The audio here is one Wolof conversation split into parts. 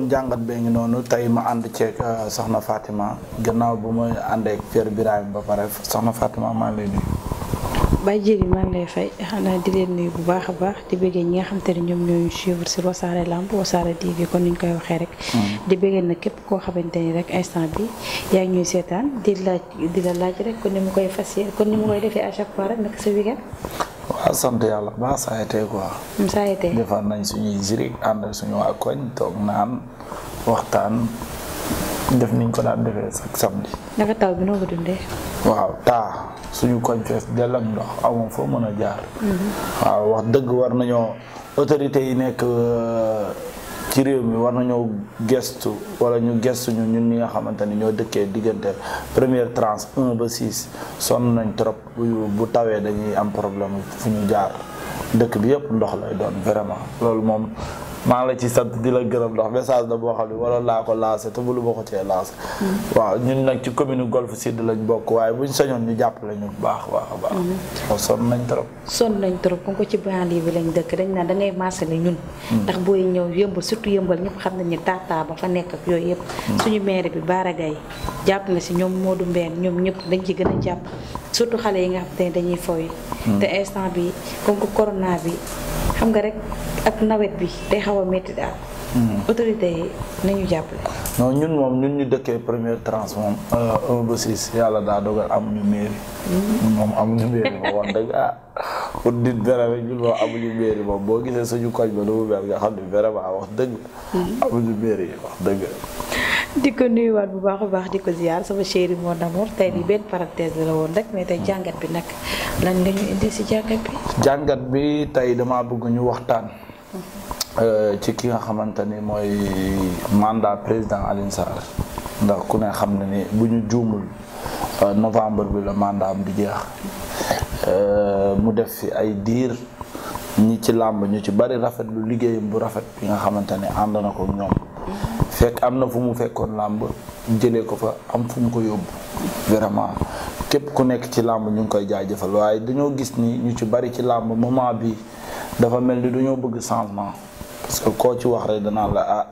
kon jàngat bee ngi noonu tey ma ànd ceeg euh, soxna Fatima gannaaw bu ma àndee ak Père ba pare soxna Fatima maa ngi lay nuyu. Baye Diéry maa ngi lay fay xanaa di leen nuyu bu baax a baax di bëggee ñi nga xam te ne ñoom ñooñu si sur Wassare Lamb Wassare TV kon ni ñu koy waxee rek. Hmm. di bëggee nag képp koo xamante ni rek instant bi yaa ñuy seetaan di laaj di la laaj rek kon ni mu koy fas kon ni mu koy defee à chaque fois rek nag sa waaw sant yàlla ba ça a été quoi. Mm, ça a été defar nañ suñuy zirik ànd ak suñu waa koñ toog naan waxtaan def niñ ko daan defee chaque samedi. naka taw bi noo ko dundee. waaw taa suñu koñ fees dell ak ndox amoon foo mën a jaar. Mm-hmm. waaw wax dëgg war nañoo autorités yi nekk. ci réew mi war nañoo gestu wala ñu gestu ñu ñun ñi nga xamante ni ñoo dëkkee diggante première tranche 1 ba 6 sonn nañ trop bu tawee dañuy am problème fu ñu jaar dëkk bi yëpp ndox lay doon vraiment loolu moom maa la ci sant di la gërëm ndax message la boo xam ne waroon laa ko lancé te mënu ma ko cee lancé. Mm-hmm. waaw ñun nag ci commune Golf Sud lañ bokk waaye buñ sañoon ñu jàppale ñu bu baax a baax. Mm-hmm. waaw sonn nañ trop. sonn nañ trop kon ko ci banlieue bi lañ dëkk dañ naan da ñun. Mm-hmm. ndax booy ñëw yëmbal surtout yëmbal ñëpp xam nañ ne tata ba fa nekk ak yooyu yëpp. suñu maire bi Bara Gaye jàpp na si ñoom moo du Mbène ñoom ñëpp dañ ci gën a jàpp surtout xale yi nga xam te ne dañuy foy. bi comme que corona bi. xam nga rek ak nawet bi day xaw a métti daal. Hmm. autorité yi nañu jàppale. non ñun moom ñun ñu dëkkee première tranche moom. Euh, un ba six yàlla daa dogal am mairie. Hmm. ñun moom amuñu mairie moom wax dëgg ah. pour dit dara rek ñun moom amuñu mairie moom boo gisee suñu koñ ba nu mu mel nga xam ne vraiment wax dëgg. Hmm. amuñu mairie wax dëgg. di ko nuyuwaat bu baax a baax di ko ziar sama chéri mon amour tey di benn parenthèse la woon rek mais tey jàngat bi nag lan nga ñu si jàngat bi. jàngat bi tey damaa bëgg ñu waxtaan. Mhm. Euh, ci ki nga xamante ni mooy mandat président Alioune Sarr ndax ku ne xam na ni bu ñu juumul euh, novembre bi la mandat am di jeex euh, mu def fi ay diir. ñi ci làmb ñu ci bari rafet lu liggéeyam bu rafet bi nga xamante ne ànd na ko ñoom mhm. fekk am na fu mu fekkoon làmb jëlee ko fa am fu mu ko yóbbu vraiment képp ku nekk ci làmb ñu ngi koy jëfal waaye dañoo gis ni ñu ci bari ci làmb moment bi dafa mel ni dañoo bëgg changement parce koo ci wax rek danaa la ah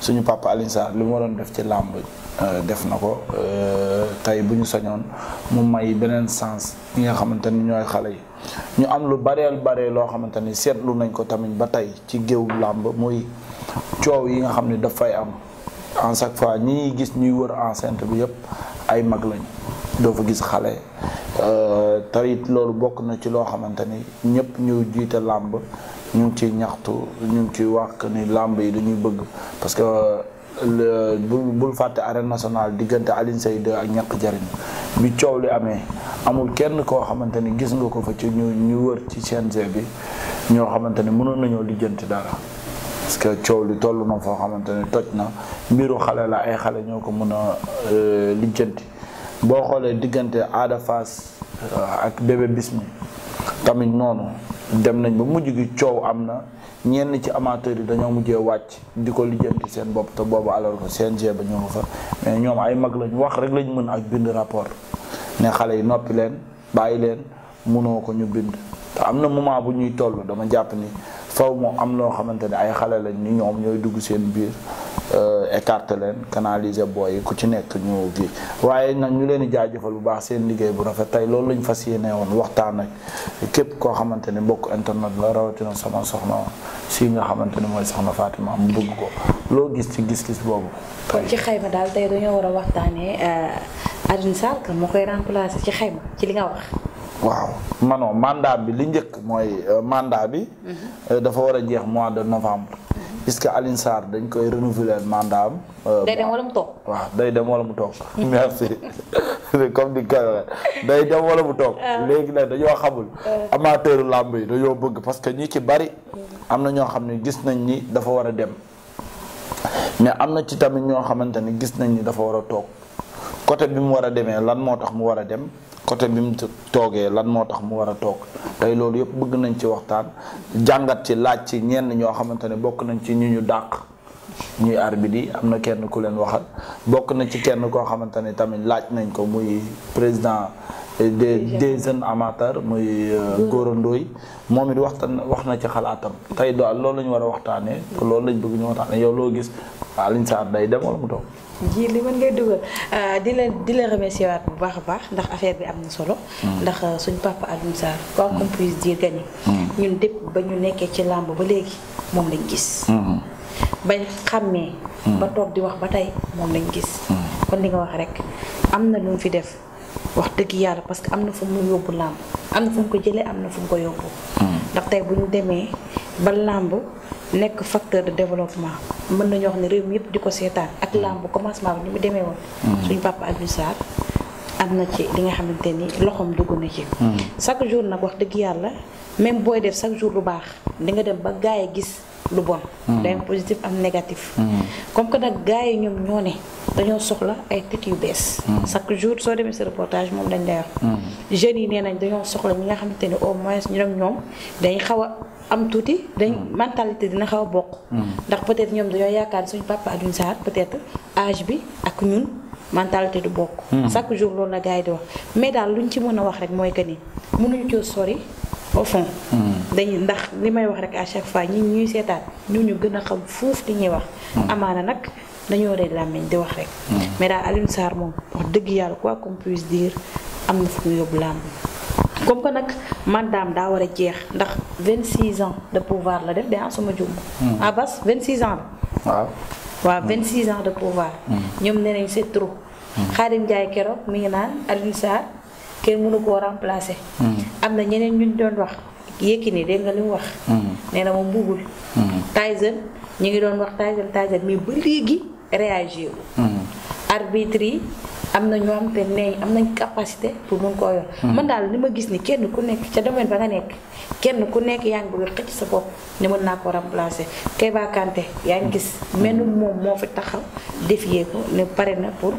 suñu papa Alioune Sarr li ma doon def ci làmb euh, def na ko euh, tey bu ñu sañoon mu may beneen sens yi nga xamante ni ñooy xale yi ñu am lu bareel bare loo xamante ni seetlu nañ ko tamit ba tey ci géewu làmb muy coow yi nga xam ne daf fay am en chaque fois ñi gis ñuy wër enceinte bi yëpp ay mag lañ doo fa gis xale euh, tarit loolu bokk na ci loo xamante ni ñëpp ñu jiite làmb ñu ngi ci ñaxtu ñu ngi ciy wax ni làmb yi dañuy bëgg parce que bul bul fàtte arène nationale diggante Alioune Seye 2 ak ñàkk jariñ bi coow li amee amul kenn koo xamante ni gis nga ko fa ci ñu ñu wër ci CNG bi ñoo xamante ni mënoon nañoo lijjanti dara parce que coow li toll na foo xamante ne toj na mbiru xale la ay xale ñoo ko mën a euh, lijjanti boo xoolee diggante Ada Fass euh, ak bébé Bismi tamit noonu dem nañ ba mujj gi coow am na ñenn ci amateurs yi dañoo mujjee wàcc di ko lijjanti seen bopp te boobu alors que CNG ba ñoo ko fa mais ñoom ay mag lañ wax rek lañ mën ak bind rapport ne xale yi noppi leen bàyyi leen mënoo ko ñu bind te am na moment bu ñuy toll dama jàpp ni faw mu am loo xamante ne ay xale lañ ni ñoom ñooy dugg seen biir euh, écarter leen canaliser booy yi ku ci nekk ñu gi waaye nag ñu leen di jaajëfal bu baax seen liggéey bu rafet tey loolu lañu fas yéene woon waxtaan ak képp koo xamante ne mbokk internet la rawatina sama soxna si nga xamante ne mooy soxna Fatima mu bëgg ko loo gis ci gis-gis boobu. kon ci xayma daal tey dañoo war a waxtaanee euh, Alioune Sarr moo koy remplacer ci xayma ci li nga wax. waaw manon mandat bi li njëkk mooy euh, mandat bi. Mhm. Euh, dafa war a jeex mois de novembre. Mhm. puisque Alioune Sarr dañ koy renouveler mandat am. Euh, day dem wala mu toog. waaw day dem wala mu toog. Mhm. merci comme ni day dem wala mu toog. Ah. léegi nag dañoo xamul. Ah. amateuru làmb yi dañoo bëgg parce que ñi ci bari. am na ñoo xam ne gis nañ ni dafa war a dem. mais am na ci tamit ñoo xamante ne gis nañ ni dafa war a toog côté bi mu war a demee lan moo tax mu war a dem. côté bi mu toogee lan moo tax mu war a toog tey loolu yëpp bëgg nañ ci waxtaan jàngat ci laaj ci ñenn ñoo xamante ne bokk nañ ci ñu ñu dàq ñuy arbitre yi am na kenn ku leen waxal bokk na ci kenn koo xamante ne tamit laaj nañ ko muy président des des jeunes amateurs muy euh, Gora Ndoye moom it waxtan wax na ci xalaatam tey daal loolu la ñu war a waxtaanee loolu lañ bëgg ñoo waxtaanee yow loo gis Alioune Sarr day dem wala mu toog. ji li mën ngay dugal euh, di la di la remercier bu baax a baax ndax affaire bi am na solo. Hmm. ndax euh, suñ papa Alioune Sarr. quoi hmm. qu'on puisse dire gani hmm. ñun dépp ba ñu nekkee ci làmb ba léegi moom lañ gis. bañ xàmmee. ba toog di wax ba tey moom lañ gis. kon li nga wax rek am na lu mu fi def. wax dëgg yàlla parce que am na fu mu yóbbu làmb am na fu mu ko jëlee am na fu mu ko yóbbu. ndax tey bu ñu demee ba làmb nekk facteur de développement mën nañu wax ne réew mi yëpp di ko seetaan ak làmb commencement bi ni mu demee woon. suñu papa Alioune Sarr am na ci li nga xamante ni loxoom dugg na ci. Hmm. chaque jour nag wax dëgg yàlla même booy def chaque jour lu baax di dem ba gaay gis. lu bon. Hmm. day am positif am négatif. Hmm. comme que nag gars yi ñoom ñoo ne dañoo soxla ay tête yu bees. Hmm. chaque jour soo demee si reportage moom dañ lay wax. jeunes yi nee nañ dañoo soxla ñi nga xamante ne au moins ñu dem ñoom dañ xaw am tuuti dañ mentalité dina xaw a bokk. ndax peut ñoom dañoo yaakaar suñ papa Alioune Sarr peut-être âge bi ak ñun. mentalité du bokk. chaque jour loolu la gars yi di wax mais daal luñ ci mën a wax rek mooy que ni mënuñu coo sori au fond. dañuy ndax li may wax rek à chaque fois ñi ñuy seetaat ñu ñu gën a xam fuuf li ñuy wax. amaana nag dañoo rey làmmiñ di wax rek. mais daal Alioune Sarr moom wax dëgg yàlla quoi qu'on puisse dire am na fu mu yóbbu làmb comme que nag mandaam daa war a jeex ndax 26 ans de pouvoir la def daa ah, sama jum. Hmm. ah bas 26 ans la. waaw waaw 26 hmm. ans de pouvoir. Hmm. ñoom nee nañ c'est trop. Khadim Ndiaye keroog mi ngi naan Alioune Sarr. kenn mënu koo remplacer. Hmm. am na ñeneen ñu doon wax Yékini dégg nga li wax. Hmm. nee na ma buggul. Hmm. Tyson ñu ngi doon wax Tyson Tyson mais ba léegi réagir. arbitre yi am na ñoo xam te ne am nañ capacité pour mën koo yor. Hmm. man daal li ma gis ni kenn ku nekk ca domaine ba nga nekk kenn ku nekk yaa ngi bëgg a xëcc sa bopp ne mën naa ko remplacer Keba yaa gis hmm. mel moo fi taxaw défier ko ne pare na pour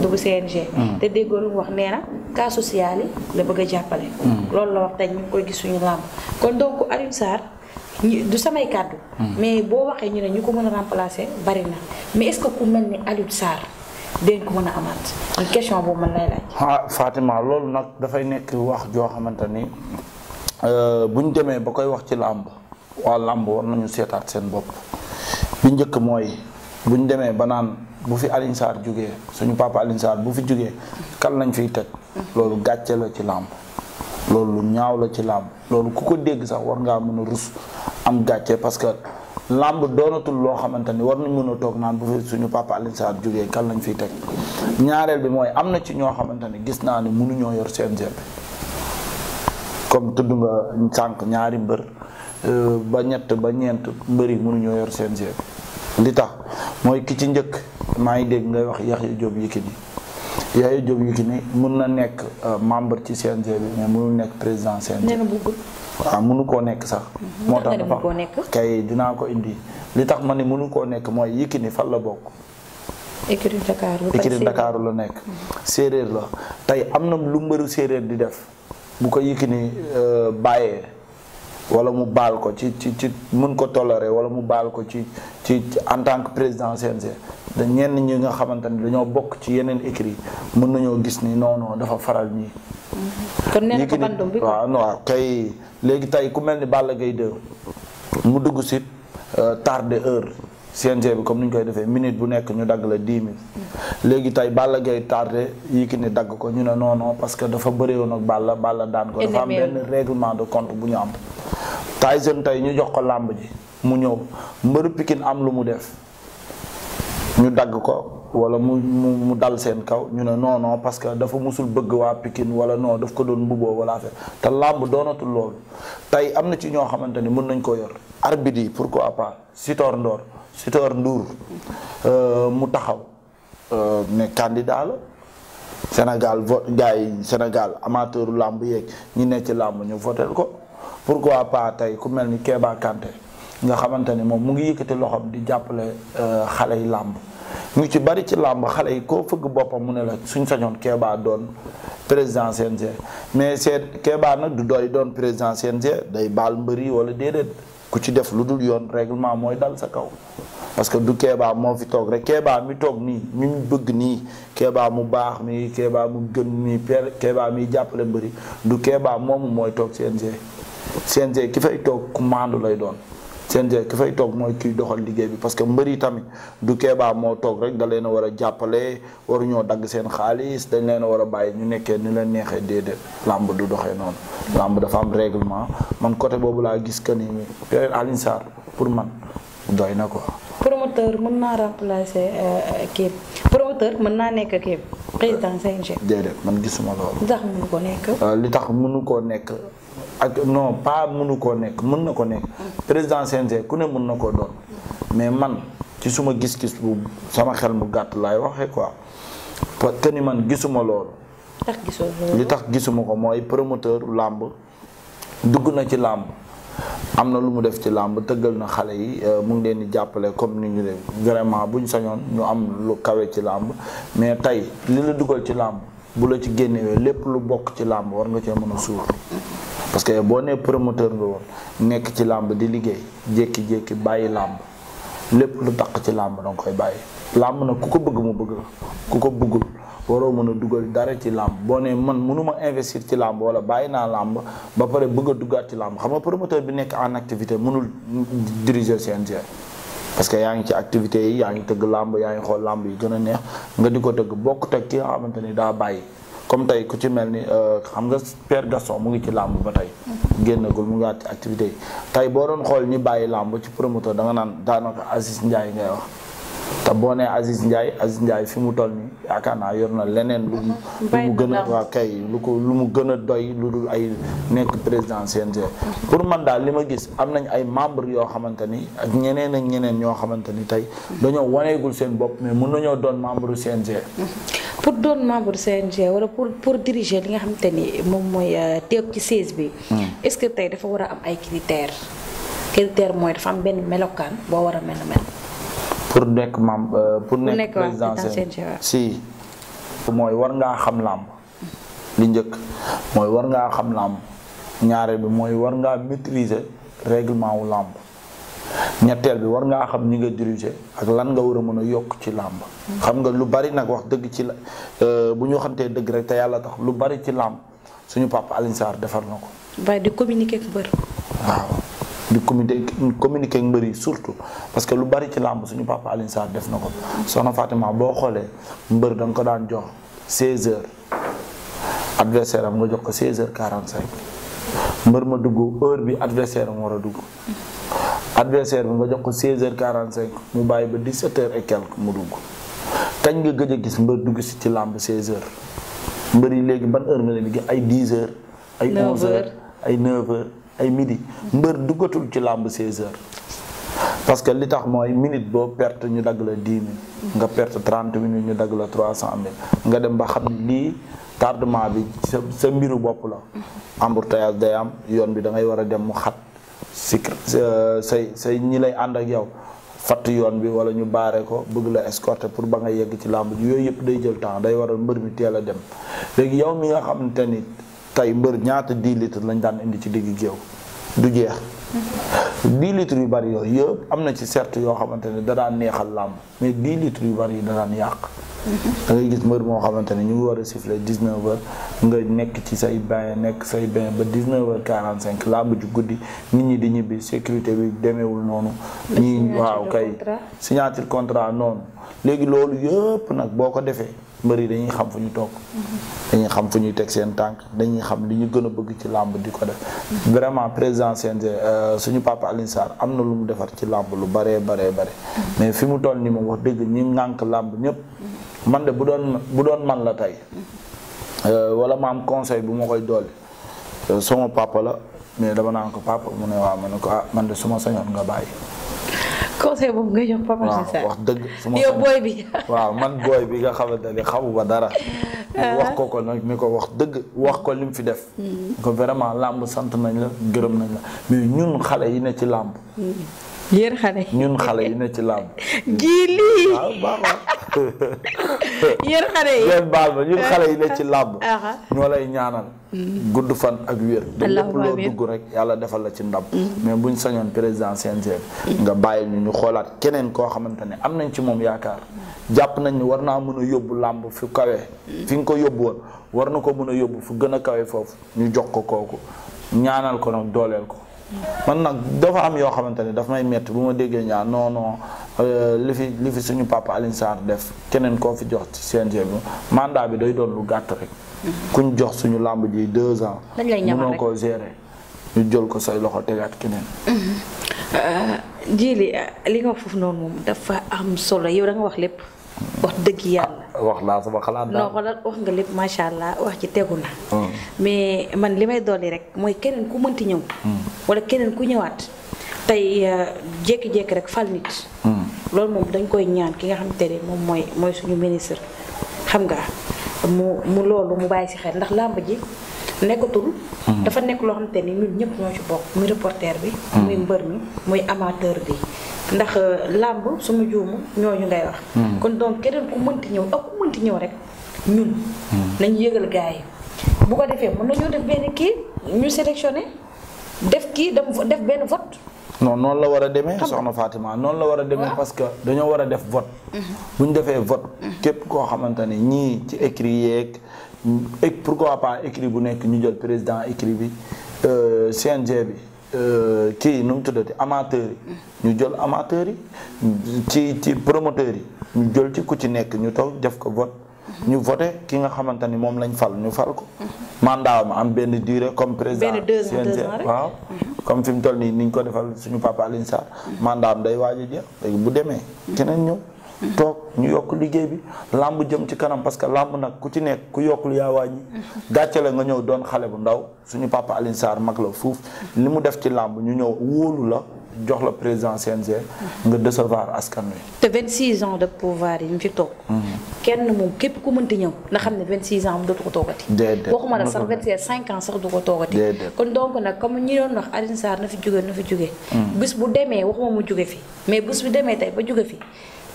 dugg CNG. Hmm. te déggoo wax nee na social yi la bëgg a jàppale. loolu la wax ñu ngi koy gis suñu làmb kon donc Alioune du samay kàddu. mais boo waxee ñu ne ñu ko mën a remplacer bari na mais est-ce que ku mel ni Alioune Sarr. dinañ mën a amaat question boobu man lay laaj. ah loolu nag dafay nekk wax joo xamante ni euh, buñ demee ba koy wax ci làmb waa làmb war nañu seetaat seen bopp bi njëkk mooy buñ demee ba naan bu fi Alioune jógee suñu papa Alioune bu fi jógee kan lañ fiy teg loolu gàcce la ci làmb loolu ñaaw la ci làmb loolu ku ko dégg sax war ngaa mën a rus am gàccee parce que. làmb doonatul loo xamante ni war nañ mën a toog naan bu fi suñu papa Alioune Sarr jógee kan lañ fiy teg ñaareel bi mooy am na ci ñoo xamante ni gis naa ne mënuñoo yor CNG bi nga sànq ñaari mbër euh, ba ñett ba ñeent mbër yi mënuñoo yor CNG bi li tax mooy ki ci njëkk maa ngi dégg ngay wax Yaxya Diop Yékini Yaxya Diop Yékini mën na nekk euh, membre ci CNG bi mais mënul nekk président CNG. waa mënu koo nekk sax. moo tax dafa kay dinaa ko indi li tax ma ne mënu koo nekk mooy Yékini fan la bokk. écurie Dakar la nekk. séeréer la tey am na lu mbëru séeréer di def bu ko Yékini euh, bàyyee. wala mu baal ko ci ci ci mën ko toléré wala mu baal ko ci ci en tant que président CNG dañ ñenn ñi nga xamante ni dañoo bokk ci yeneen écrit mun nañoo gis ni non dafa faral ñi mhm. kon nee na ko bandum bi kay léegi tey ku mel ni Balla gay 2 mu dugg si euh, tardé heure CNG bi comme ni ñu koy defee minute bu nekk ñu dagg la dix mille mhm. léegi gay tarde Gaye ki Yékini dagg ko ñu ne non parce que dafa bëre woon ak baal Balla daan ko dafa am benn règlement de compte bu ñu am. Tyson tey ñu jox ko làmb ji mu ñëw mbëru pikin am lu mu def ñu dagg ko wala mu mu dal seen kaw ñu ne non non parce que dafa mosul bëgg waa Pikine wala noo daf ko doon mbubboo wala affaire te làmb doonatul loolu tey am na ci ñoo xamante ni mën nañ koo yor arbitre yi pourquoi pas sitoor Ndoor Sitor Ndour euh, mu taxaw euh, ne candidat la Sénégal vote gars Sénégal amateuru làmb yeeg ñi ne ci làmb ñu votel ko pourquoi pas tey ku mel ni Kéba Kanté nga xamante ni moom mu ngi yëkkati loxoom di jàppale euh, xale yi làmb ñu ci bari ci làmb xale yi koo fëgg boppam mu ne la suñ sañoon Kéba doon président CNG mais c'est Kéba nag du doy doon président CNG day baal mbër yi wala déedéet ku ci def lu dul yoon règlement mooy dal sa kaw parce que du Kéba moo fi toog rek Kéba mi toog nii mi mu bëgg nii Kéba mu baax mi Kéba mu gën nii kebaa mii jàppale mbër du Kéba moomu mooy toog CNG CNG ki fay toog ku maandu lay doon CNG ki fay toog mooy kiy doxal liggéey bi parce que mbër yi tamit du Kéba moo toog rek da leen a war a jàppale war ñoo dagg seen xaalis dañ leen a war a bàyyi ñu nekkee ni leen neexee déedéet làmb du doxee noonu. làmb dafa am réglement man côté boobu laa gis que ni période Alioune Sarr pour man doy na ko. promoteur mën naa remplacer euh, kii promoteur mën naa nekk kii président CNG. déedéet man gisuma loolu. Euh, li tax mënu koo nekk. ak non pas mënu koo nekk mën na koo nekk président CNG ku ne mën na koo doon mais man ci suma gis-gis bu sama xel mu gàtt laay waxee quoi parce que ni man gisuma loolu. li tax gisuma ko mooy promoteur làmb dugg na ci làmb am na lu mu def ci làmb tëggal na xale yi euh, mu ngi leen di jàppale comme ni ñu leen bu buñ sañoon ñu am lu kawe ci làmb mais tey li la dugal ci làmb bu la ci génnewee lépp lu bokk ci làmb war nga cee mën a suur parce que boo nee promoteur nga woon nekk ci làmb di liggéey jékki-jékki bàyyi làmb lépp lu taq ci làmb danga koy bàyyi làmb na ku ko bëgg mu bëgg ku ko bëggul waroo mën a dugal dara ci làmb boo nee man mënuma investir ci làmb wala bàyyi naa làmb ba pare bëgg a duggaat ci làmb xam nga promoteur bi nekk en activité mënul diriger CNG parce que yaa ngi ci activité yi yaa ngi tëgg làmb yaa ngi xool làmb yi gën a neex nga di ko tëgg bokk teg ki nga xamante ni daa bàyyi comme tey ku ci mel ni euh, xam nga Père Gaston mu ngi ci làmb ba génn génnagul mu ngi àtt activité yi tey boo doon xool ñi bàyyi làmb ci promoteur da nga naan daanaka Aziz Ndiaye ngay wax te boo nee Aziz Ndiaye Aziz Ndiaye fi mu toll nii yaakaar naa yor na leneen lu mu lu gën a waa kay lu ko lu mu gën a doy lu dul ay nekk président CNG pour man daal li ma gis am nañ ay membre yoo xamante ni ak ñeneen ñeneen ñoo xamante ni tey dañoo waneegul seen bopp mais mën nañoo doon membre CNG pour doon membre CNG wala pour pour diriger li nga xamante ni moom mooy euh, teew ci siège bi hmm. est-ce que tey dafa war a am ay critères critères mooy dafa am benn melokaan boo war a mel mel pour nekk mam euh, pour nekk président si mooy war ngaa xam làmb lu njëkk mooy war ngaa xam làmb ñaareel bi mooy war ngaa maîtriser réglement wu làmb ñetteel bi war ngaa xam ni nga diriger ak lan nga war a mën a yokk ci làmb xam nga lu bari nag wax dëgg ci la euh, bu ñu xamtee dëgg rek te yàlla tax lu bari ci làmb suñu papa Alioune Sarr defar na ko. waaye di communiquer ak mbër. waaw. di communiqué communiqué ak mbër yi surtout parce que lu bari ci làmb suñu papa Alioune Sarr def na ko soxna Fatima boo xoolee mbër da ko daan jox 16 heures adversaire am nga jox ko 16 quarante cinq mbër ma dugg heure bi adversaire am war a dugg adversaire bi nga jox ko heure heures cinq mu bàyyi ba 17 heures et quelque mu dugg kañ nga gëj a gis mbër dugg si ci làmb 16 heures mbër yi léegi ban heure nga leen di ay 10 heures ay 11 ay midi mbër duggatul ci làmb 16 heures parce que li tax mooy minute boo perte ñu dagg la 10 000 nga perte 30 minutes ñu dagg la 300 000 nga dem ba xam ne lii tardement bi sa sa mbiru bopp la embouteillage day am yoon bi dangay war a dem mu xat si say say ñi lay ànd ak yow fatt yoon bi wala ñu baare ko bëgg la escorter pour ba nga yegg ci làmb yooyu yëpp day jël temps day waral mbër mi teel a dem léegi yow mi nga xam te tey mbër ñaata 10 litres lañ daan indi ci digg géew du jeex 10 litres yu bari yooyu yëpp am na ci certes yoo xamante ne da daan neexal làmb mais 10 litres yu bari yi da daan yàq da ngay gis mbër moo xamante ne ñu ngi war a siffler 19 heures nga nekk ci say bain nekk say bain ba 19 heures cinq làmb ju guddi nit ñi di ñibbi sécurité bi demeewul noonu ñi waaw kay signature contrat noonu léegi loolu yëpp nag boo ko defee mbër yi dañuy xam fu ñu toog mhm. dañuy xam fu ñuy teg seen tànk dañuy xam li ñu gën a bëgg ci làmb di ko def vraiment président CNG euh, suñu papa Alioune am na lu mu defar ci làmb lu baree baree bare mhm. mais fi mu toll nii moom wax dëgg ñi nànk làmb ñëpp mhm. man de bu doon bu doon man la tey euh, wala ma am conseil bu ma koy doole euh, sama papa la mais dama naan ko mu ne waaw ma ne ko ah man de suma sañoon nga bàyyi conseil boobu nga jox papa wax dëgg. sama yow booy bi. waaw man booy bi nga xamante ne xamu ba dara. Ah. wax ko ko nag ni ko wax dëgg wax ko lim fi def. Hmm. ko vraiment làmb sant nañ la gërëm nañ la mais ñun xale yi ne ci làmb. Hmm. yéen xale ñun xale yi ne ci làmb. jiili waaw baax xale yi yéen baal ma ñun xale yi ne ci làmb. Ah, ah. ñoo lay ñaanal. Mm. gudd fan ak wér. ba lépp loo dugg rek yàlla defal la ci ndam. Mm. mais buñ sañoon président CNG. Mm. nga bàyyi ñu ñu xoolaat keneen koo xamante ne am nañ ci moom yaakaar. jàpp nañ ne war naa mën a yóbbu làmb fu kawe. fi nga ko yóbbu woon war na ko mën a yóbbu fu gën a kawe foofu ñu jox ko kooku ñaanal ko nag dooleel ko. man nag dafa am yoo xamante ne daf may métti bu ma déggee ñaa non non euh, li suñu papa Alioune Sarr def keneen koo fi jox ci CNG bi mandat bi day doon lu gàtt rek. kuñ jox suñu làmb ji deux ans. dañ lay ñamal rek mënoo koo gérer ñu jël ko say loxo tegaat keneen. Mm-hmm. Euh, jii li li nga wax foofu noonu moom dafa am solo yow da wax lépp. wax dëgg yàlla. Ah, wax laa sama xalaat daal non xoolal wax nga lépp macha allah wax ci tegu na. Ah. mais man li may dolli rek mooy keneen ku mënti ñëw. Hmm. wala keneen ku ñëwaat. tey euh, jékki-jékki rek fal nit. Hmm. loolu moom dañ koy ñaan ki nga xamante ne moom mooy mooy suñu ministre xam nga mu mu loolu mu bàyyi si xel ndax làmb ji. nekkatul. Hmm. dafa nekk loo xamante ni ñun ñëpp ñoo ci bokk muy reporter bi. Hmm. muy mbër mi muy amateur bi. ndax euh, làmb suma juumu ñooñu ngay wax. Hmm. kon donc keneen ku mënti ñëw ak ku mënti ñëw rek ñun. nañu yëgal gars yi bu ko defee mën nañoo def benn kii ñu sélectionné def kii dem def benn vote. non noonu la war a demee soxna Fatima noonu la war a demee parce que dañoo war a def vote. bu defee vote. képp koo xamante ne ñii ci écrit yeeg. et quoi pas écrit bu nekk ñu jol président écrit bi euh, CNG bi euh, kii nu mu tuddati amateurs yi ñu jël amateurs yi ci ci promoteurs yi ñu jël ci ku ci nekk ñu toog def ko vote ñu voté ki nga xamante ni moom lañ fal ñu fal ko mandat am benn durée comme président CNG waaw comme fi mu toll nii ni ñu ko defal suñu papa Alioune Sarr mandat am day waaj a jeex bu demee keneen ñëw toog ñu yokk liggéey bi làmb jëm ci kanam parce que làmb nag ku ci nekk ku yokkul yaa wàññi gàcce la nga ñëw doon xale bu ndaw suñu papa Alioune Sarr mag la fuuf li mu def ci làmb ñu ñëw wóolu la jox la président CNG nga décevoir askan wi. te 26 ans de pouvoir yi ñu fi toog. Mm. kenn moom képp ku mënti ñëw na xam ne 26 ans mu dootu ko toogati. déedéet waxuma la sax 27 5 ans sax du ko toogati. kon donc nag comme ñi doon wax Alioune na fi jóge na fi jóge. Mm. bis bu demee waxuma mu jóge fi mais bis bu demee tey ba jóge fi.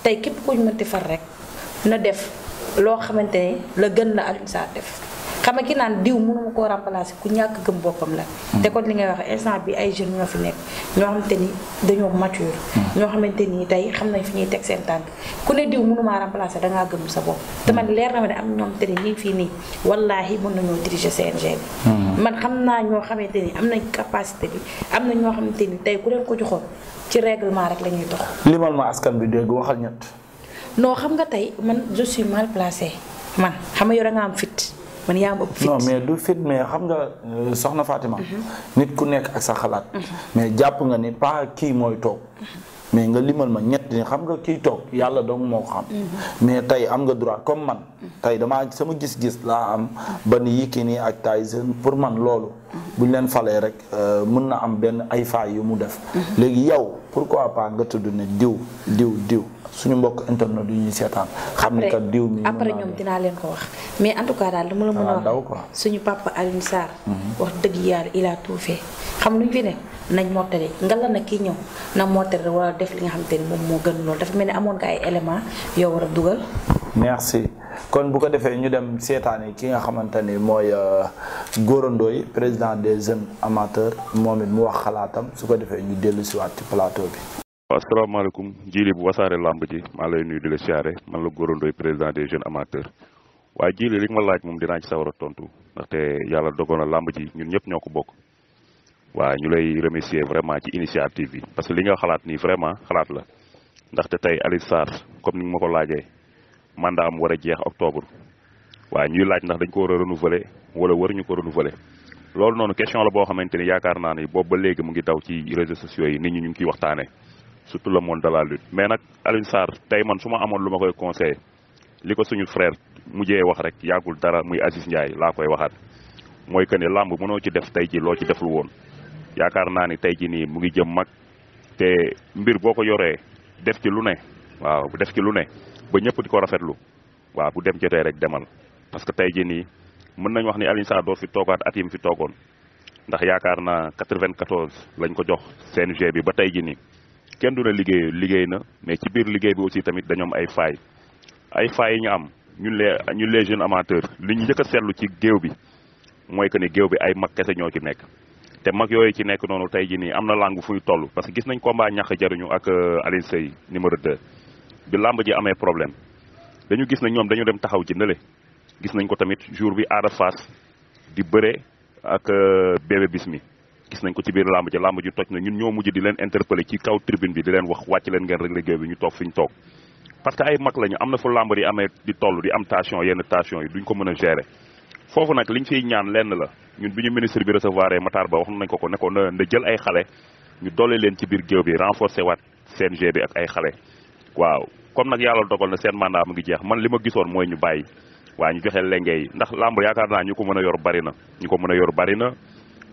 tey képp ku ñu mënti far rek na def loo xamante ni la gën la Alioune Sarr def. xam nga ki naan diw mënuma koo remplacer ku ñàkk gëm boppam la. te kon li ngay wax instant bi ay jeunes ñoo fi nekk ñoo xamante ni dañoo mature. ñoo xamante ni tey xam nañ fi ñuy teg seen tànk ku ne diw mënumaa remplacer dangaa gëm sa bopp. te leer na ne am ñoom te ni fii nii wallaahi mën nañoo diriger CNG bi. Hmm. man xam naa ñoo xamante ni am nañ capacité bi am na ñoo xamante ni tey ku leen ko joxoon ci règlement rek la ñuy dox. limal ma askan bi dégg waxal ñett. noo xam nga tey man je suis mal placé man xam nga yow da am fitt man yaa ma ëpp mais du fit xam nga euh, soxna Fatima. Mhm. nit ku nekk ak sa xalaat. Mhm. mais jàpp nga ni pas kii mooy toog. Mhm. mais nga limal ma ñett ni xam nga kii toog yàlla dong moo xam. mais tey am nga droit comme man. tey damaa sama gis-gis laa am. ba ni nii ak Tyson pour man loolu. buñ leen falee rek euh, mën na am benn ay faay yu mu def. léegi pour pourquoi pas nga tudd ne diw diw diw. suñu mbokk internet yi ñuy seetaan. xam ni kat diw mi après ñoom dinaa leen ko wax mais en tout cas daal lu ma la mën a wax suñu papa Alioune Sarr. Mhm. wax dëgg yàlla il a tout fait xam luñ fi ne nañ moo nga la na kii ñëw na moo war a def li nga xam xamante ni moom moo gën loolu dafa mel ni amoon nga ay élément yow war a dugal. merci kon bu ko defee ñu dem seetaani ki nga xamante ni mooy euh, Gora Ndoye président des jeunes amateur moom it mu wax xalaatam su ko defee ñu dellu siwaat ci plateau bi. waaw asalaamaaleykum jili bu wasaare làmb ji maa lay nuyu di la siyaare man la Gora Ndoye président des jeunes amateurs waaye jili li ma laaj moom dinaa ci sawar a tontu ndaxte yàlla dogoon làmb ji ñun ñëpp ñoo ko bokk waaw ñu lay remercier vraiment ci initiative bi parce que li xalaat nii vraiment xalaat la ndaxte tey Alioune Sarr comme ni nga ma ko laajee mandat am war a jeex octobre waaw ñuy laaj ndax dañ ko war a renouveler wala waruñu ko renouveler loolu noonu question la boo xamante ni yaakaar naa ni boobu mu ngi daw ci réseaux sociaux yi nit ñi ñu ngi ciy waxtaanee surtout le monde de la lutte mais nag Alioune tey man su ma amoon lu ma koy conseil li ko suñu frère mujjee wax rek yàggul dara muy Aziz Ndiaye laa koy waxaat mooy que ni làmb mënoo ci def tey ji loo ci deful woon yaakaar naa ni tey ji nii mu ngi jëm mag te mbir boo ko yoree def ci lu ne waaw def ci lu ne ba ñëpp di ko rafetlu waaw bu dem jotee rek demal parce que tey ji nii mën nañu wax ni Alioune Sarr doo fi toogaat at mu fi toogoon ndax yaakaar naa 94 lañ ko jox CNG bi ba tey ji nii kenn du ne liggéey liggéey na mais ci biir liggéey bi aussi tamit dañoo am ay faay ay faay yi ñu am ñun les ñu les jeunes amateurs li ñu njëkk a seetlu ci géew bi mooy que ni géew bi ay mag kese ñoo ci nekk te mag yooyu ci nekk noonu tey jii nii am na langue fu ñu toll parce que gis nañ combat ñax jariñu ak euh, Alioune yi numéro 2 bi làmb ji amee problème dañu gis na ñoom dañu dem taxaw ci nële gis nañ ko tamit jour bi aada faas di bëre ak euh, bébé bis mi gis nañ ko ci biir làmb ji làmb ji toj na ñun ñoo mujj di leen interpeller ci kaw tribune bi di leen wax wàcc leen ngeen rek liggéey bi ñu toog fi ñu toog parce que ay mag lañu am na fu làmb di amee di toll di am tension yenn tension yi duñ ko mën a gérer foofu nag liñ fiy ñaan lenn la ñun bi ñu ministre bi recevoir Matar Ba wax nañ ko ko ne ko na jël ay xale ñu doole leen ci biir géew bi renforcer waat CNG bi ak ay xale waaw comme nag yàlla dogal na seen mandat mu ngi jeex man li ma gisoon mooy ñu bàyyi waa ñu joxe lenge yi ndax làmb yaakaar naa ñu ko mën a yor bari na ñu ko mën a yor bari na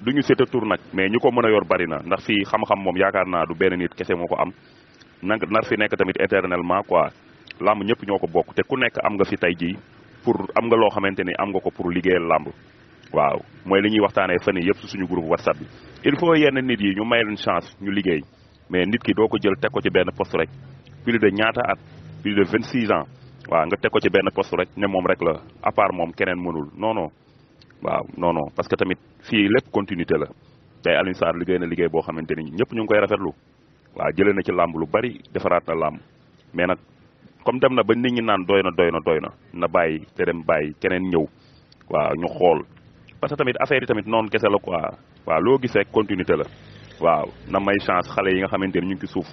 du ñu seet a tur nag mais ñu ko mën a yor bari na ndax fi xam-xam moom yaakaar naa du benn nit kese moo ko am nag nar fi nekk tamit éternellement quoi làmb ñëpp ñoo ko bokk te ku nekk am nga fi tey jii pour am nga loo xamante ni am nga ko pour liggéeyal làmb waaw mooy li ñuy waxtaanee fan yii yëpp suñu groupe whatsapp bi il faut yenn nit yi ñu may leen chance ñu liggéey mais nit ki doo ko jël teg ko ci benn poste rek plus de ñaata at plus de 26 ans waaw nga teg ko ci benn poste rek ne moom rek la à moom keneen mënul non waaw non parce que tamit fii lépp continuité la tey Alioune liggéey na liggéey boo xamante ni ñëpp ñu ngi koy rafetlu waaw jëlee na ci làmb lu bari defaraat na làmb mais nag comme dem na ba nit ñi naan doy na doy na doy na na bàyyi te dem bàyyi keneen ñëw waaw ñu xool parce que tamit affaire yi tamit noonu kese la quoi waaw loo gisee continuité la waaw na may chance xale yi nga xamante ni ñu ngi suuf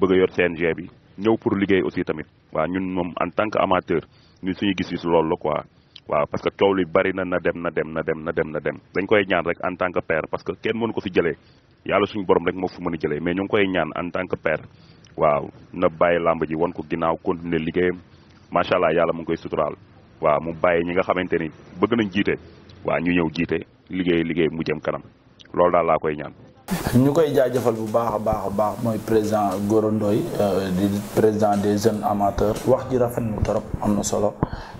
bëgg a yor CNG bi ñëw pour liggéey aussi tamit waaw ñun moom en tant que amateur ñun suñu gis-gis loolu la quoi. waaw parce que coow li bari na na dem na dem na dem na dem na dem dañ koy ñaan rek en tant que père parce que kenn mënu ko fi jëlee yàlla suñu borom rek moo fi mën a jëlee mais ñu ngi koy ñaan en tant que père waaw na bàyyi làmb ji wan ko ginnaaw continuer liggéeyam macha allah yàlla mu ngi koy suturaal waaw mu bàyyi ñi nga xamante ni bëgg nañ jiite waa ñu ñëw jiite liggéey liggéey mu jëm kanam loolu daal laa koy ñaan. ñu koy jaajëfal bu baax a baax a baax mooy président Gora Ndoye euh, di président des jeunes amateurs wax ji rafet na trop am na solo.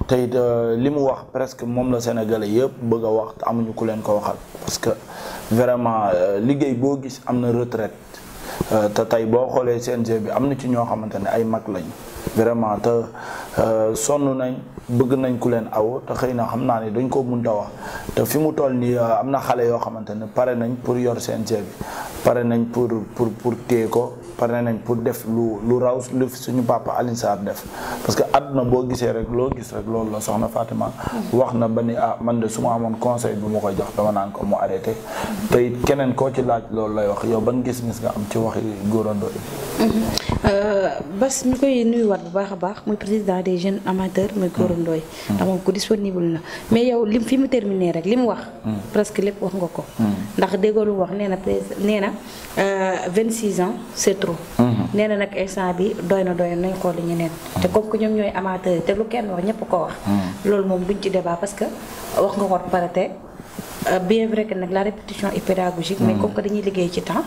te it li mu wax presque moom la sénégalais yëpp bëgg a wax te amuñu ku leen ko waxal parce que vraiment euh, liggéey boo gis am na retraite euh, te tey boo xoolee CNG bi am na ci ñoo xamante ne ay mag lañ vraiment te euh, sonn nañ bëgg nañ ku leen aw te xëy na xam naa ne dañ ko munta wax te fi mu toll nii am na xale yoo xamante ne pare nañ pour yor CNG bi pare nañ pour pour pour téye ko pare nañ pour def lu lu raw lu suñu papa Alioune def parce que àdduna boo gisee rek loo gis rek loolu la soxna Fatima wax na ba ni ah man de su ma amoon conseil bu ma koy jox dama naan ko mu arrêté te it keneen koo ci laaj loolu lay wax yow ban gis-gis nga am ci waxi góorandoo yi mm-hmm. euh, bas ñu koy nuyuwaat bu baax a baax muy président des jeunes amateurs muy góorandoo yi mm-hmm. ndax moom ko disponible na mais yow lim fi mu terminé rek li mu wax mm-hmm. presque lépp wax nga ko ndax déggoo lu wax nee trop. nee na nag instant bi doy na doy nañ xool ñeneen te comme ko ñoom ñooy amateur te lu kenn wax ñëpp ko wax. loolu moom buñ ci débat parce que wax nga ko pare te euh, bien vrai que nag la répétition est pédagogique. mais mm. comme que dañuy liggéey ci temps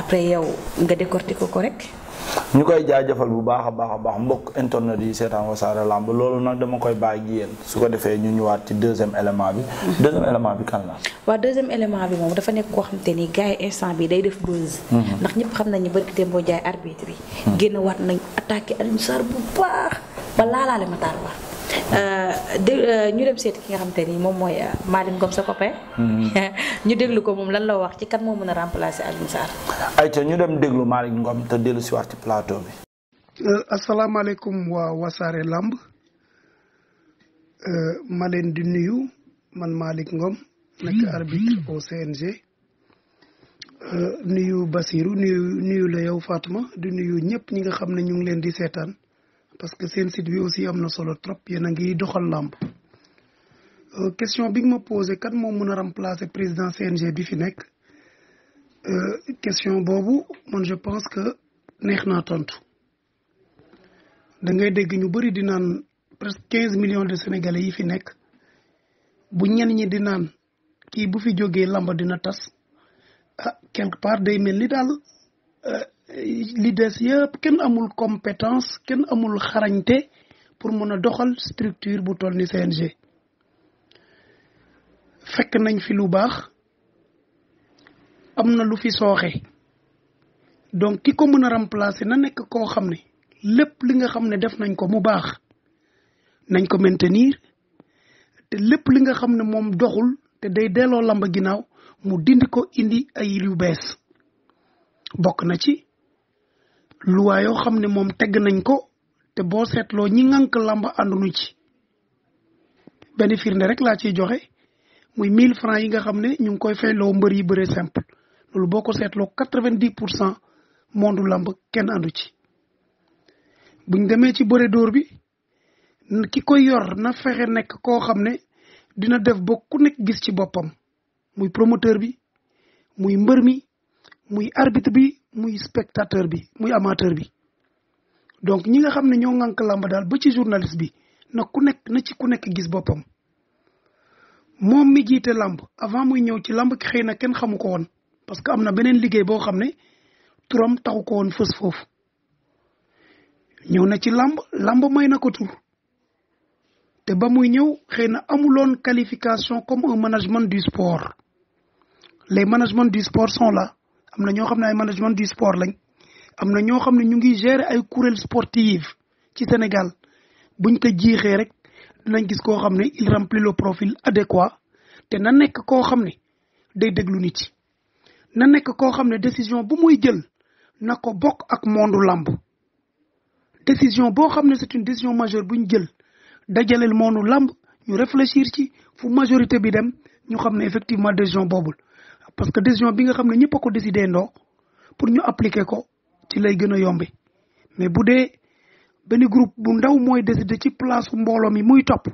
après yow nga décortiquer ko rek. ñu koy jaajëfal bu baax a baax a baax mbokk internet yi seetaan Wassare Lamb loolu nag dama koy bàyyi gi yéen su ko defee ñu ñëwaat ci deuxième élément bi. Mhm. deuxième élément bi kan la. waaw deuxième élément bi moom dafa nekk koo xam te ni gars yi instant bi day def buzz. Mhm. ndax ñëpp xam nañu barki dem boo jaay arbitre bi. Mhm. génn waat nañ attaqué Alioune Sarr bu baax ba laalaale Matar Ba. Euh, dé euh, ñu dem seeti ki nga xamante ni moom mooy euh, Malick Ngom sa copain. Mm-hmm. ñu déglu ko moom lan la wax ci kan moo mën a remplacer Alioune Sarr. ayca ñu dem déglu Malick Ngom te dellu si waat ci plateau bi. asalaamaaleykum waa Wasaare Lamb ma leen di nuyu man maalik ngoom nekk arbitre au CNG. nuyu Basirou nuyu nuyu la yow Fatma di nuyu ñëpp ñi nga xam ne ñu ngi leen di seetaan parce que seen site bi aussi am na solo trop yéen a ngi doxal làmb euh, question bi nga ma posé kan moom mën a remplacer président CNG bi fi nekk euh, question boobu man je pense que neex naa tontu da ngay dégg ñu bëri di naan presque quinze millions de sénégalais yi fi nekk bu ñenn ñi di naan kii bu fi jógee làmb dina tas ah quelque part day mel ni daal. Euh, li des yëpp kenn amul compétence kenn amul xarañte pour mun a doxal structure bu toll ni CNG fekk nañ fi lu baax am na lu fi sooxee donc ki ko mën a remplacer na nekk koo xam ne lépp li nga xam ne def nañ ko mu baax nañ ko maintenir te lépp li nga xam ne moom doxul te day delloo lamba ginnaaw mu dind ko indi ay lu bees bokk na ci luwaa yoo xam ne moom tegg nañ ko te boo seetloo ñi ngànk làmb ànduñu ci benn firnde rek laa ciy joxe muy mille francs yi nga xam ne ñu ngi koy fayloo mbër yi bëre simple loolu boo ko seetloo quatre-vingt-dix pour cent mondu làmb kenn àndu ci buñ demee ci bëre dóor bi ki koy yor na fexe nekk koo xam ne dina def ba ku nekk gis ci boppam muy promoteur bi muy mbër mi muy arbitre bi muy spectateur bi muy amateur bi donc ñi nga xam ne ñoo ŋànk làmb daal ba ci journaliste bi na ku nekk na ci ku nekk gis boppam moom mi jiite làmb avant muy ñëw ci làmb ki xëy na kenn xamu ko woon parce que am na beneen liggéey boo xam ne turam taxu ko woon fës foofu ñëw na ci làmb làmb may na ko tur te ba muy ñëw xëy na amuloon qualification comme un management du sport les management du sport sont la am na ñoo xam ne ay management du sport lañ am na ñoo xam ne ñu ngi gérer ay kuréel sportive ci Sénégal buñ ko jiixee rek nañ gis koo xam ne il remplit le profil adéquat te na nekk koo xam ne day déglu nit yi na nekk koo xam ne décision bu muy jël na ko bokk ak mondu làmb décision boo xam ne c'est une décision majeure bu ñu jël dajaleel mondu làmb ñu réfléchir ci fu majorité bi dem ñu xam ne effectivement décision boobul parce que décision bi nga xam ne ñëpp ko décidé ndoo pour ñu appliquer ko ci lay gën a yombi mais bu dee benn groupe bu ndaw mooy décidé ci place mbooloo mi muy topp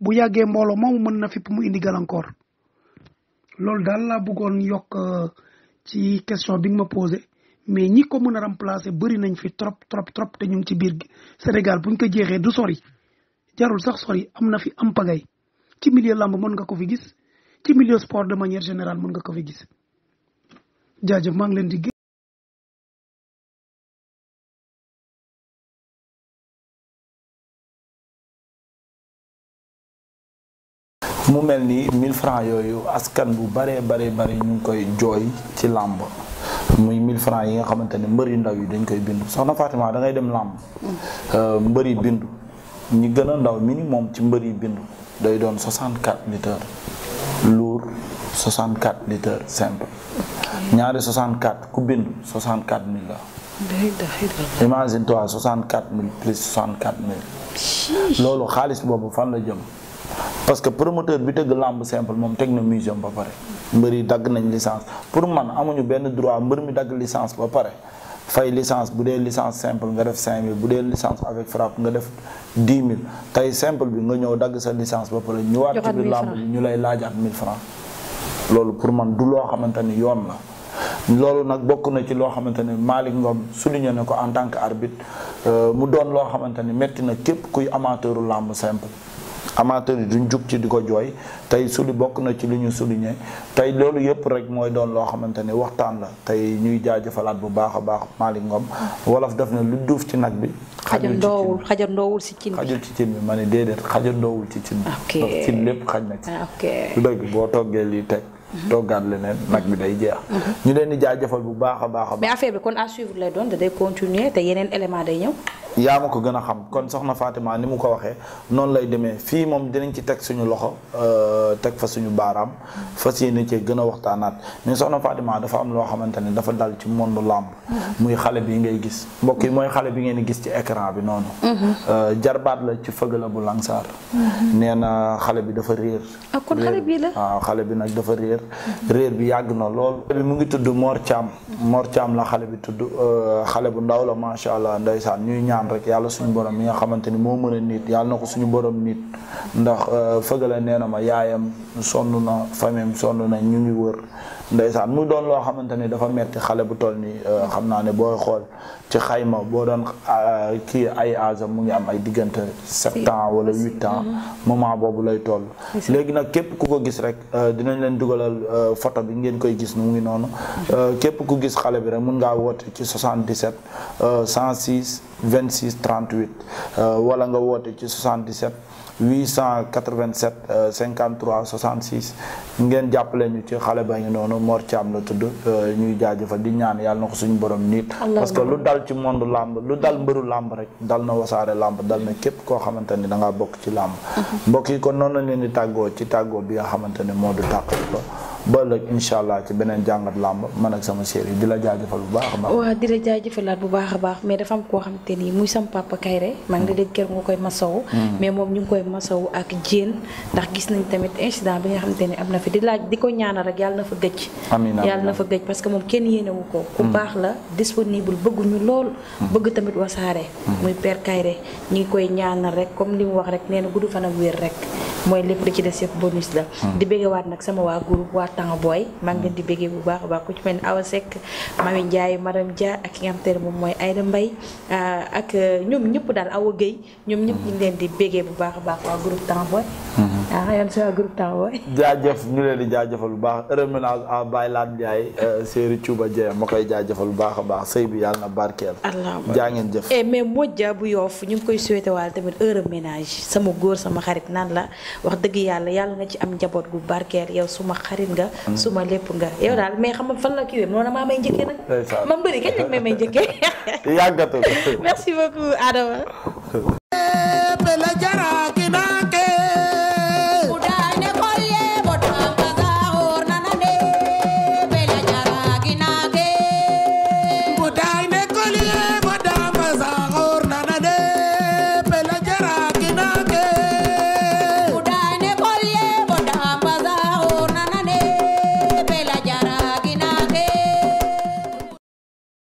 bu yàggee mbooloo moom mën na fi pour mu indi gàllankoor loolu daal laa bëggoon yokk euh, ci question bi nga ma posé mais ñi ko mën a remplacer bari nañ fi trop trop trop te ñu ngi ci biir Sénégal buñ ko jeexee du sori jarul sax sori am na fi am pagay ci milieu làmb mën nga ko fi gis ci milieu sport de manière générale mën nga ko fi gis jaajëf maa leen di mu mel ni 1000 francs yooyu askan bu baree baree bari ñu ngi koy jooy ci làmb muy 1000 francs yi nga xamante ne mbër yu ndaw yi dañ koy bindu soxna Fatima da ngay dem lamb euh, mbër yi bindu ñi gën a ndaw minimum ci mbër yi bindu day doon 64 litres luur 64 litres simple ñaari 64 ku bind 64 mille la. imagine toi 64 mille plus 64 mille. loolu xaalis boobu fan la jëm. parce que promoteur bi tëgg làmb simple moom teg na museum ba pare. mbër yi dagg nañ licence pour man amuñu benn droit mbër mi dagg licence ba pare. fay licence bu dee licence simple nga def 5000 bu dee licence avec frappe nga def 10 000 tey simple bi nga ñëw dagg sa licence ba pare ñëwaat ci biir làmb bi ñu lay laajaat 1000 francs loolu pour man du loo xamante ni yoon la loolu nag bokk na ci loo xamante ni Malick Ngom souligné na ko en tant que arbitre euh, mu doon loo xamante ni métti na képp kuy amateuru làmb simple amateurs yi duñ jug ci di ko jooy tey suli bokk na ci li ñu souligné tey loolu yëpp rek mooy doon loo xamante ne waxtaan la tey ñuy jaajëfalaat bu baax a baax Malick Ngom wolof def na lu duuf ci nag bi xajandoowul xajandoowul si cin bi ci cin bi ma ne déedéet xajandoowul ci cin bi ndax cin lépp xaj na ci lu dëgg boo toggee lii teg mhm. toggaat leneen nag bi day jeex. Mhm. ñu leen di jaajëfal bu baax a baax a baax. mais affaire bi kon à suivre lay doon da day continuer te yeneen élément day ñëw. yaa ma ko gën a xam kon soxna Fatima ni mu ko waxee noonu lay demee fii moom dinañ ci teg suñu loxo euh, teg fa suñu baaraam fas yéene cee gën a waxtaanaat mais soxna Fatima dafa am loo xamante ne dafa dal ci monde làmb muy xale bi ngay gis mbokk yi mooy xale bi ngeen gis ci écran bi noonu euh, jarbaat la ci fëgg la bu lansaar nee na xale bi dafa réer ah, kon xale bi la waaw bi nag dafa réer réer bi yàgg na lool bi mu ngi tudd Mor Thiam Mor Thiam la xale bi tudd euh, xale bu ndaw la macha allah ndeysaan ñuy ñaan ñaan rek yàlla suñu borom mi nga xamante ni moo mën a nit yàlla na ko suñu borom nit ndax euh, fëgale nee na ma yaayam sonn na famem sonn na ñu ngi wër ndeysaan mu doon loo xamante ni dafa metti xale bu toll nii euh, xam naa ne booy xool ci xayma boo doon euh, kii ay âge mu ngi am ay diggante sept ans wala huit ans mm-hmm. moment boobu lay toll léegi nag képp ku ko gis rek dinañ leen dugalal photo bi ngeen koy gis mu ngi noonu mm-hmm. képp ku gis xale bi rek mun ngaa woote ci 77 106 26 euh, wala nga woote ci 77 887 53 66 ngeen jàppale ñu ci xale ba ngi noonu Mor Thiam la tudd euh, ñuy jaajëfal di ñaan yàlla na ko suñu borom nit parce que lu dal ci monde làmb lu dal mbëru làmb rek dal na wasaare làmb dal na képp koo xamante ni da ngaa bokk ci làmb mhm. mbokk yi kon noonu la leen di tàggoo ci tàggoo bi nga xamante ne moo du tàqal ko ba ëllëg incha allah ci beneen jàngat làmb man ak sama série di la jaajëfal bu baax a baax. waaw di la jaajëfalaat bu baax a baax mais dafa am koo xamante ni muy sam papa Kayre maa ngi la dégg kër nga koy masawu. Mm-hmm. moom ñu ngi koy masawu ak jéen ndax gis nañ tamit incident bi nga xamante ni am na fi di laaj di ko ñaanal rek yàlla na fa gëj. amiin yàlla na fa gëj parce que moom kenn yéenewu ko. ku mm-hmm. baax la disponible bëgguñu lool. Mm-hmm. bëgg tamit wasaare. muy per Kayre ñu ngi koy ñaanal rek comme li mu wax rek nee na gudd fan ak wér rek mooy lépp li ci des yëpp bonus la. di bëggewaat nag sama temps booy maa ngi leen di bu baax a baax ku ci mel ni Awa Seck Mami Ndiaye madame Dia ak ki nga ah, euh, ñëpp daal Awa Gueye ñoom ñëpp ñu ngi leen di béggee bu baax a baax waa groupe temps booy mhm. ah yan sa waa groupe temps booy jaajëf ñu leen di jaajëfal bu baax heureux ménage à Baye Lam Ndiaye euh, Seydou Touba Dieng bu baax a baax sëy bi yàlla na barkeel jaa ngeen jëf eh, mais mojja bu yoof ñu ngi koy souhaité waale tamit heureux ménage sama góor sama xarit naan la wax dëgg yàlla yàlla nga ci am njaboot gu barkeel yow suma xarit nga suma lépp nga yow daal mais xam nga fan la kiiwee noonu maa may njëkkee nag ma mbëri kañ lañ may may njëkkee yàggatul merci beaucoup Adama